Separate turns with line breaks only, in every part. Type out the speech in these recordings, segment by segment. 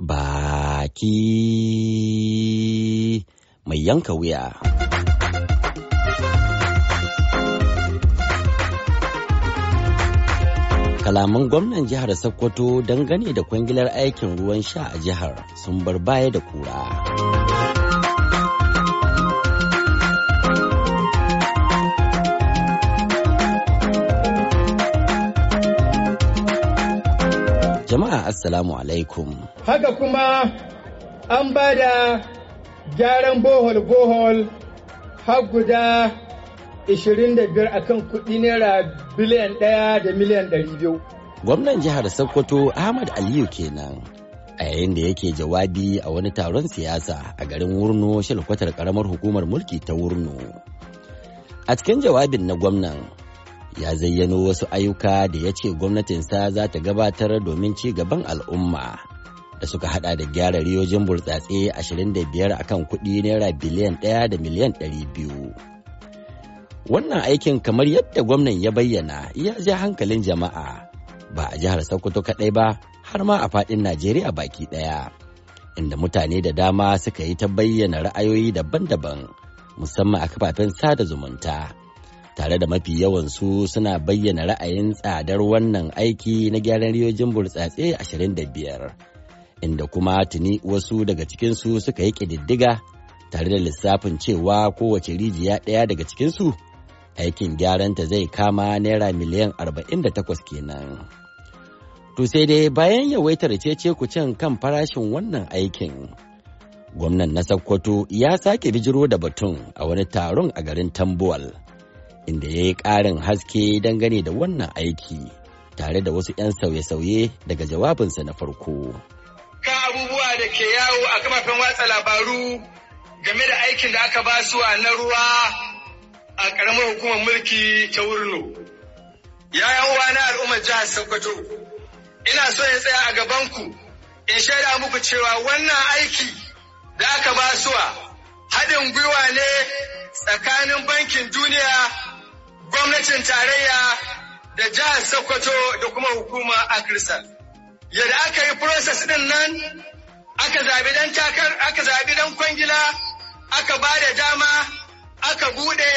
baki mai yanka wuya. Kalaman gwamnan jihar Sokoto dangane da kwangilar aikin ruwan sha a jihar sun bar baya da kura. Jama'a Assalamu alaikum.
Haka kuma an ba da gyaran bohol-bohol
har guda 25 kan kuɗi naira biliyan ɗaya da miliyan ɗari biyu. Gwamnan jihar Sokoto Ahmad Aliyu kenan. A yayin da yake jawabi a wani taron siyasa a garin Wurno shalkwatar karamar hukumar mulki ta Wurno. A cikin jawabin na gwamnan ya zayyano wasu ayyuka da ya ce gwamnatinsa za ta gabatar domin ci gaban al'umma da suka hada da gyara riyojin burtsatse 25 kan kuɗi naira biliyan 1 da miliyan 200 wannan aikin kamar yadda gwamnan ya bayyana ya ja hankalin jama'a ba a jihar sokoto kaɗai ba har ma a faɗin najeriya baki ɗaya inda mutane da dama suka yi ta bayyana ra'ayoyi daban-daban musamman a kafafen sada zumunta. tare da mafi yawan su suna bayyana ra'ayin tsadar wannan aiki na gyaran riyojin burtsatse 25 inda kuma tuni wasu daga cikinsu suka yi kididdiga tare da lissafin cewa kowace rijiya ɗaya daga cikinsu aikin gyaran ta zai kama naira miliyan 48 kenan. To sai dai bayan yawaitar cece kan farashin wannan aikin. Gwamnan na Sokoto ya sake bijiro da batun a wani taron a garin Tambuwal. inda ya yi ƙarin haske dangane da wannan aiki tare da wasu 'yan sauye-sauye daga jawabinsa na farko. Ka
abubuwa da ke yawo a kafafen watsa labaru game da aikin da aka ba su a na ruwa a ƙaramar hukumar mulki ta Wurno. Ya yawuwa na al'ummar jihar Sokoto, ina so ya tsaya a gabanku in shaida muku cewa wannan aiki da aka ba su haɗin gwiwa ne tsakanin bankin duniya gwamnatin tarayya da jihar Sokoto da kuma hukuma akrisa Yadda aka yi process din nan aka zabi dan takar aka zabi dan kwangila aka ba da dama aka buɗe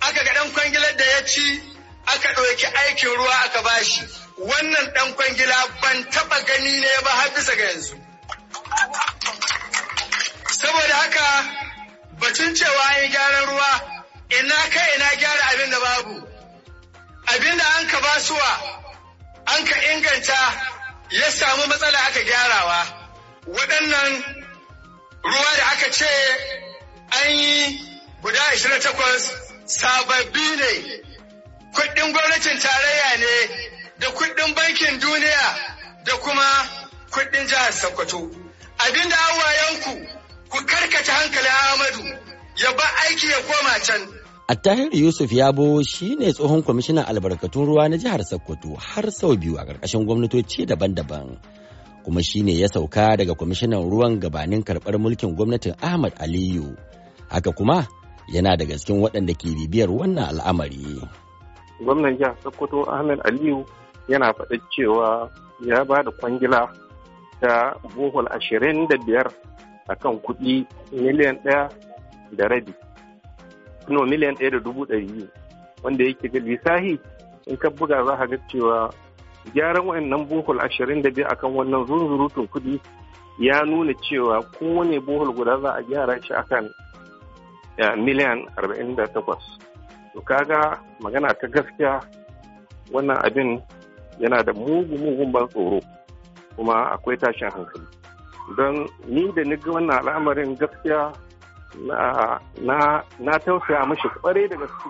aka ga dan kwangilar da ya ci aka ɗauki aikin ruwa aka ba shi, wannan ɗan kwangila ban taɓa gani ne ba har bisa ga yanzu saboda haka batun cewa yi gyaran ruwa ina ka ina gyara abin da babu abin da an ka basuwa an ka inganta ya samu matsala aka gyarawa waɗannan ruwa da aka ce an yi guda 28 sababbi ne kuɗin gwamnatin tarayya ne da kuɗin bankin duniya da kuma kuɗin jihar sokoto Abinda da awayenku ku karkata hankali ahmadu ya ba aiki ya koma can.
Attahir Yusuf Yabo shi ne tsohon kwamishinan albarkatun ruwa na jihar Sokoto har sau biyu a ƙarƙashin gwamnatoci daban-daban. Kuma shi ne ya sauka daga kwamishinan ruwan gabanin karɓar mulkin gwamnatin Ahmad Aliyu. Haka kuma yana daga cikin waɗanda ke bibiyar wannan al'amari.
Gwamnan jihar Sokoto Ahmad Aliyu yana faɗa cewa ya ba da kwangila ta bohol ashirin da biyar akan kuɗi miliyan ɗaya da rabi no miliyan ɗaya da dubu ɗari biyu wanda yake ga lisahi in ka buga za ka ga cewa gyaran wayannan bohol ashirin da biyu akan wannan zunzurutun kuɗi ya nuna cewa kowane bohol guda za a gyara shi akan miliyan arba'in da takwas to ga magana ta gaskiya wannan abin yana da mugu-mugun ban tsoro kuma akwai tashin hankali don ni da ni ga wannan al'amarin gaskiya na tausaya mashi kwarai da gaske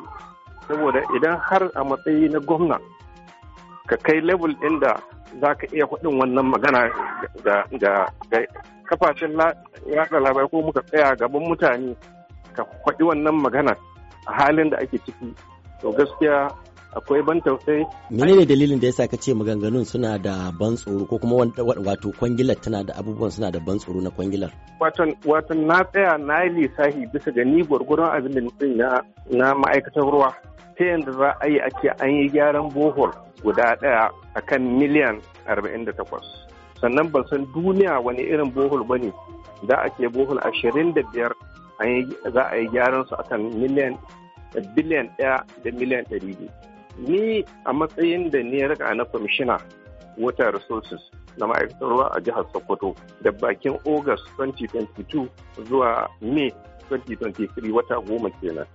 saboda idan har a matsayi na gwamna ka kai level ɗin da za ka iya faɗin wannan magana ga kafafen yada labarai ko muka tsaya gaban mutane ka faɗi wannan magana a halin da ake ciki to gaskiya akwai ban tausayi.
Menene dalilin da ya sa ka ce maganganun suna da ban tsoro ko kuma wato kwangilar tana da abubuwan suna da ban tsoro na kwangilar?
Wato na tsaya na yi lissafi bisa ga ni gwargwaron abin da nufin na ma'aikatar ruwa ta yadda za a yi ake an yi gyaran bohol guda ɗaya kan miliyan 48. Sannan ban san duniya wani irin bohol ba ne da ake bohol 25 za a yi gyaran su kan miliyan biliyan ɗaya da miliyan ɗari biyu. ni a matsayin da ni raka na kwamishina water resources na ma'aikatar ruwa a jihar sokoto da bakin august 2022 zuwa may 2023 wata goma kenan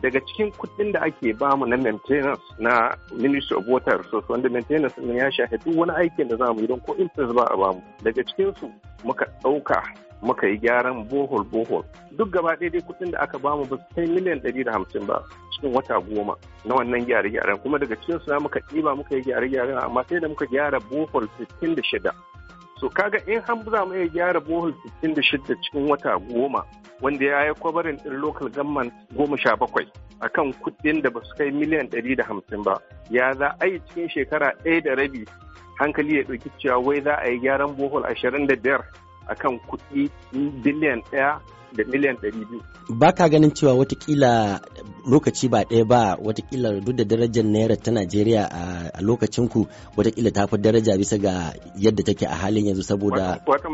daga cikin kuɗin da ake bamu na maintenance na ministry of water resources wanda maintenance ne ya shahi duk wani aikin da za mu yi don ko interest ba a bamu daga cikinsu muka ɗauka muka yi gyaran bohol bohol duk gaba ɗaya dai kuɗin da aka bamu ba su kai miliyan ɗari da ba cikin wata goma na wannan gyare-gyaren kuma daga cikin suna muka ɗiba muka yi gyare-gyaren amma sai da muka gyara bohol 66 so kaga in har za mu iya gyara bohol 66 cikin wata goma wanda ya yi kwabarin ɗin local government goma sha bakwai a kan kuɗin da ba su kai miliyan ɗari da hamsin ba ya za a yi cikin shekara ɗaya da rabi hankali ya ɗauki cewa wai za a yi gyaran bohol ashirin da biyar a kan kuɗi biliyan ɗaya da miliyan 200 biyu.
Ba ka ganin cewa watakila lokaci ba ɗaya ba watakila duk da darajar naira ta Najeriya a lokacinku watakila ta fi daraja bisa ga yadda take a halin yanzu saboda.
Wata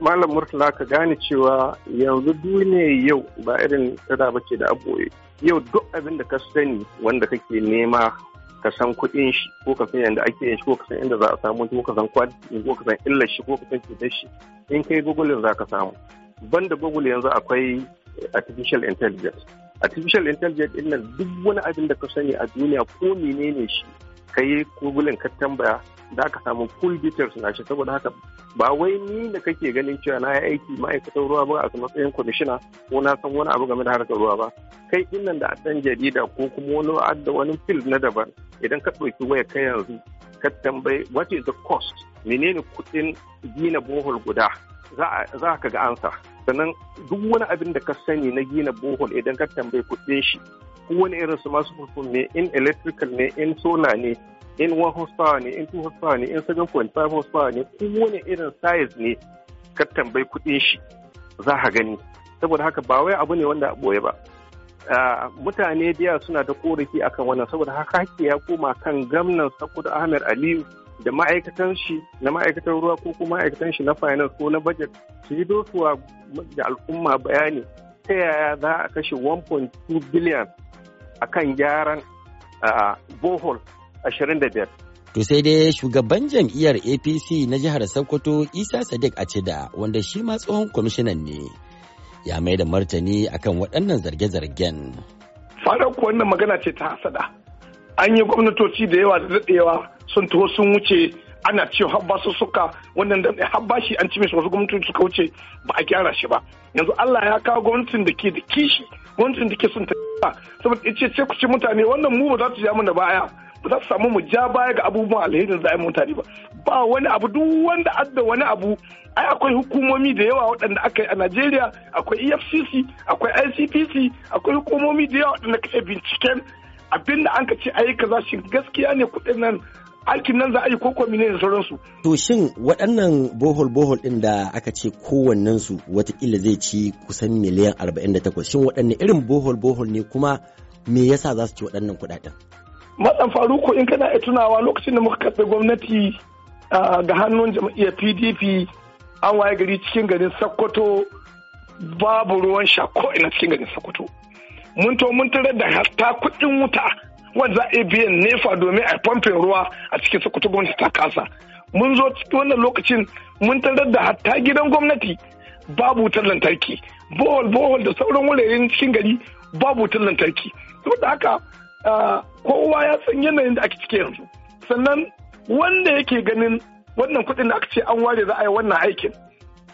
malam Murtala ka gane cewa yanzu duniya yau ba irin tada ba ce da aboye. Yau duk abin da ka sani wanda kake nema ka san kuɗin shi ko ka san yadda ake yin shi ko ka san inda za a samu ko ka san kwadi ko ka san illar shi ko ka san cutar shi in kai google za ka samu banda google yanzu akwai artificial intelligence artificial intelligence ina duk wani abin da ka sani a duniya ko menene shi kai yi ka tambaya da aka samu full details na shi saboda haka ba wai ni da kake ganin cewa na yi aiki ma'aikatan ruwa ba a matsayin kwamishina ko na san wani abu game da harkar ruwa ba kai inan da a ɗan jarida ko kuma wani da wani field na daban idan ka ɗauki waya kai yanzu ka tambayi what is the cost menene kuɗin gina bohol guda za ka ga ansa sannan duk wani abin da ka sani na gina bohol idan ka tambayi kuɗin shi ko wani irin su masu kurkun ne in electrical ne in solar ne in one horsepower ne in two horsepower ne in five horsepower ne ko wani irin size ne ka tambayi kuɗin shi za ka gani saboda haka ba wai abu ne wanda a ɓoye ba mutane biya suna da korafi akan wannan saboda haka hakki ya koma kan gamnan sakuda ahmed aliyu da ma'aikatan shi na ma'aikatan ruwa ko kuma ma'aikatan shi na finance ko na budget su yi dosuwa da al'umma bayani ta yaya za a kashe 1.2 biliyan a kan gyaran bohol 25.
To sai dai shugaban jam'iyyar APC na jihar Sokoto Isa Sadiq Acida wanda shi ma tsohon kwamishinan ne ya mai da martani akan waɗannan zarge-zargen.
Farar wannan magana ce ta hasada. An yi gwamnatoci da yawa da daɗewa sun taho sun wuce ana cewa habba su suka wannan habba shi an ci shi wasu gwamnatin suka wuce ba a gyara shi ba yanzu Allah ya kawo gwamnatin da ke da kishi gwamnatin da ke sun ta saboda ce ku ci mutane wannan mu ba za su ja mana baya ba za su samu mu ja baya ga abubuwan alherin za a mutane ba ba wani abu duk wanda adda wani abu ai akwai hukumomi da yawa waɗanda aka yi a Najeriya akwai EFCC akwai ICPC akwai hukumomi da yawa waɗanda ka binciken abinda an ka ce ayi kaza shi gaskiya ne kuɗin nan aikin nan za a yi koko mine da sauransu.
To shin waɗannan bohol bohol ɗin da aka ce kowannen su watakila zai ci kusan miliyan 48 shin waɗanne irin bohol bohol ne kuma me yasa za su ci waɗannan kuɗaɗen?
Matsan faruko in kana tunawa lokacin da muka karɓi gwamnati ga hannun jam'iyyar PDP an waye gari cikin garin Sokoto babu ruwan sha ko ina cikin garin Sokoto. Mun to mun tarar da hatta kuɗin wuta wanda za a yi biyan nefa domin a famfen ruwa a cikin sokoto gwamnati ta kasa mun zo cikin wannan lokacin mun tarar da hatta gidan gwamnati babu wutar lantarki bohol bohol da sauran wuraren cikin gari babu wutar lantarki saboda haka kowa ya san yanayin da ake cike yanzu sannan wanda yake ganin wannan kuɗin da aka ce an ware za a yi wannan aikin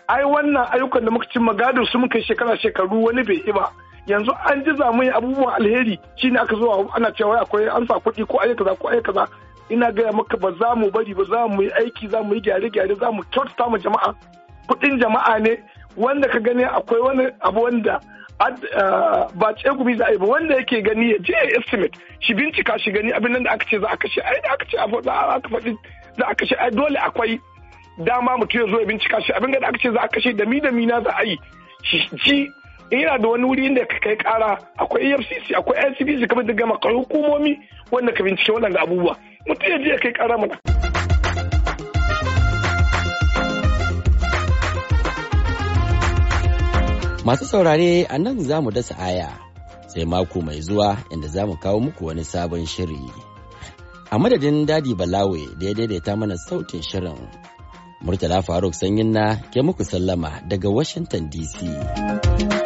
ai wannan ayyukan da muka cimma gadon su muka shekara shekaru wani bai yi ba yanzu an ji zamu abubuwan alheri shine aka zo ana cewa akwai an sa kuɗi ko ayi za ko ayi za ina gaya maka ba za mu bari ba za mu yi aiki za mu yi gyare-gyare za mu kyautata ma jama'a kuɗin jama'a ne wanda ka gani akwai wani abu wanda eh, ba gumi za a yi ba wanda yake gani ya je estimate shi bincika shi gani abin nan da aka ce za a kashe ai da aka ce za a faɗi za a kashe ai dole akwai dama mutum ya zo ya bincika shi abin da aka ce za a kashe da mi da mi na za a yi shi Ina da wani wuri inda ka kai kara akwai efcc akwai ncbc kamar da gama hukumomi wanda ka bincike waɗanda abubuwa mutum ya je ya kai
kara mana. Masu saurare a nan za mu dasa aya sai mako mai zuwa inda za mu kawo muku wani sabon shiri. A madadin Dadi Balawe da ya daidaita mana sautin shirin. Murtala Faruk Sanyin na ke muku sallama daga Washington DC.